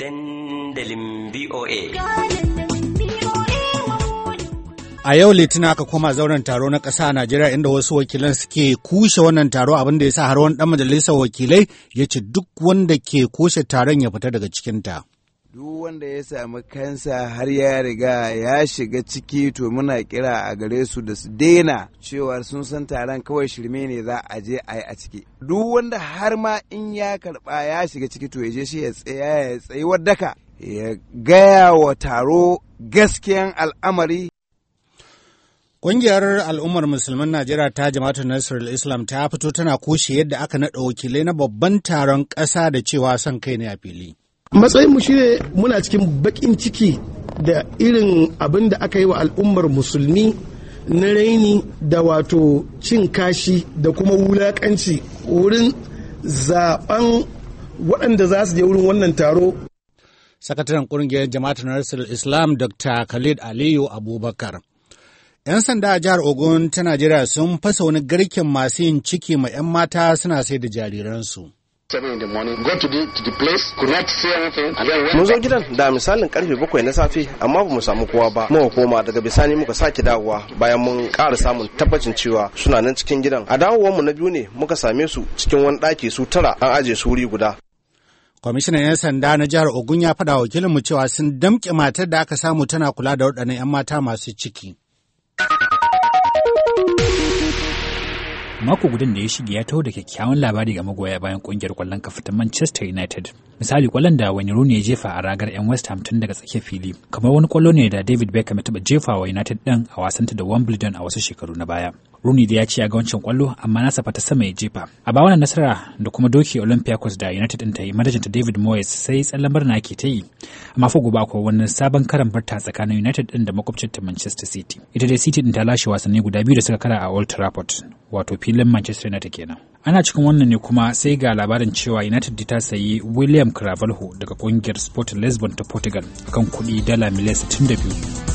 dandalin VOA. A yau Litinin aka koma zauren taro na ƙasa a Najeriya inda wasu wakilan suke kushe wannan taro abin da ya sa har wani ɗan majalisar wakilai ya ce duk wanda ke kushe taron ya fita daga cikinta. duk wanda ya sami kansa har ya riga ya shiga ciki to muna kira a gare su da su daina cewa sun san taron kawai shirme ne za a je a yi a ciki duk wanda har ma in ya karba ya shiga ciki to ya je shi ya tsaya ya tsayi wadaka ya gaya wa taro gaskiyan al'amari Ƙungiyar al'ummar musulman Najeriya ta jama'atu Nasarar Islam ta fito tana kushe yadda aka naɗa wakilai na babban taron ƙasa da cewa son kai ne a fili. matsayinmu shine muna cikin baƙin ciki da irin abin da aka yi wa al'ummar musulmi na raini da wato cin kashi da kuma wulakanci wurin zaben waɗanda za su je wurin wannan taro sakataren ƙungiyar jama'atar nasarar islam dr khalid aliyu abubakar 'yan sanda a jihar ogun ta najeriya sun fasa wani garken masu yin ciki ma 'yan mata suna sai da jariransu Mun zo gidan da misalin karfe bakwai na safe amma ba mu samu kowa ba. Muka koma daga bisani muka sake dawowa bayan mun ƙara samun tabbacin cewa suna nan cikin gidan. A dawowar mu na biyu ne muka same su cikin wani ɗaki su tara an aje su wuri guda. Kwamishinan 'yan sanda na jihar Ogun ya faɗa wakilinmu cewa sun damƙe matar da aka samu tana kula da waɗannan 'yan mata masu ciki. mako gudun da ya shige ya taho da kyakkyawan labari ga magoya bayan kungiyar kwallon kafa ta Manchester United. Misali kwallon da wani Rooney ya jefa a ragar 'yan West Ham tun daga tsakiyar fili, kamar wani kwallo ne da David Beckham ya taba jefa wa United ɗin a wasanta da Wimbledon a wasu shekaru na baya. Rooney da ya ci ya ga wancan kwallo amma nasa fata sama ya jefa. A bawa wannan nasara da kuma doki Olympiacos da United ɗin ta yi madajinta David Moyes sai tsallan barna ke ta yi. amma fa gobe akwai wani sabon karan barta tsakanin united din da makwabcin ta manchester city ita dai city din ta lashe wasanni guda biyu da suka kara a old trafford wato filin manchester united kenan ana cikin wannan ne kuma sai ga labarin cewa united ta sayi william carvalho daga kungiyar sport lisbon ta portugal akan kuɗi dala miliyan 62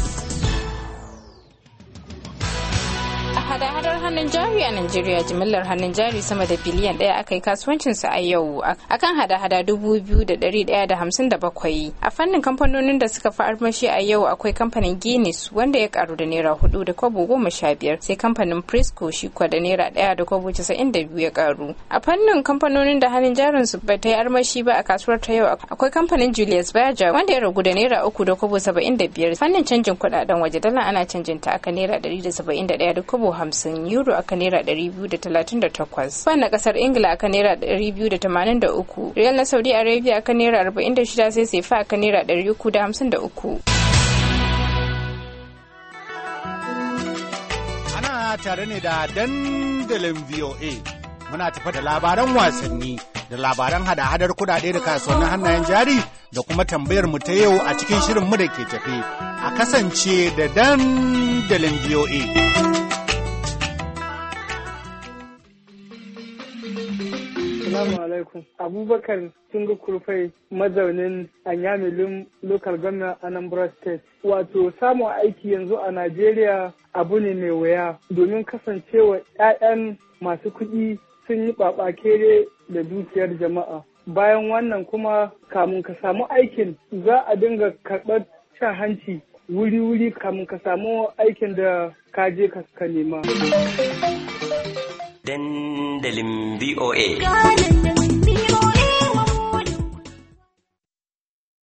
hannun jari a Najeriya jimillar hannun jari sama da biliyan ɗaya aka yi sa a yau a akan hada-hada dubu biyu da dari daya da hamsin da bakwai. A fannin kamfanonin da suka fi armashi a yau akwai kamfanin Guinness wanda ya karu da naira hudu da kwabo goma sha biyar sai kamfanin Prisco shi kwa da naira ɗaya da kwabo casa'in da biyu ya karu. A fannin kamfanonin da hannun jarin su bai ta yi armashi ba a kasuwar ta yau akwai kamfanin Julius Baja wanda ya ragu da naira uku da kwabo saba'in da biyar fannin canjin kuɗaɗen waje dala ana canjin ta aka naira ɗari da saba'in da ɗaya da kwabo hamsin euro ka naira 238 fan na kasar ingila ka naira 283 riyal na saudi arabia ka naira 46 sai sefa akan naira 353 ana tare ne da dandalin VOA. Muna tafa da labaran wasanni da labaran hada-hadar kudade da kasuwannin hannayen jari da kuma tambayar mu ta yau a cikin shirin mu da ke tafe. A kasance da dandalin VOA. Assalamu alaikum. Abubakar Tungu Kurfai mazaunin Anyamilin Local Government Anambra State. Wato samun aiki yanzu a Najeriya abu ne mai wuya domin kasancewa 'ya'yan masu kuɗi sun yi ɓaɓakere da dukiyar jama'a. Bayan wannan kuma kamun ka samu aikin za a dinga karɓar cin hanci wuri-wuri kamun ka samu aikin da ka je ka nema. dandalin a.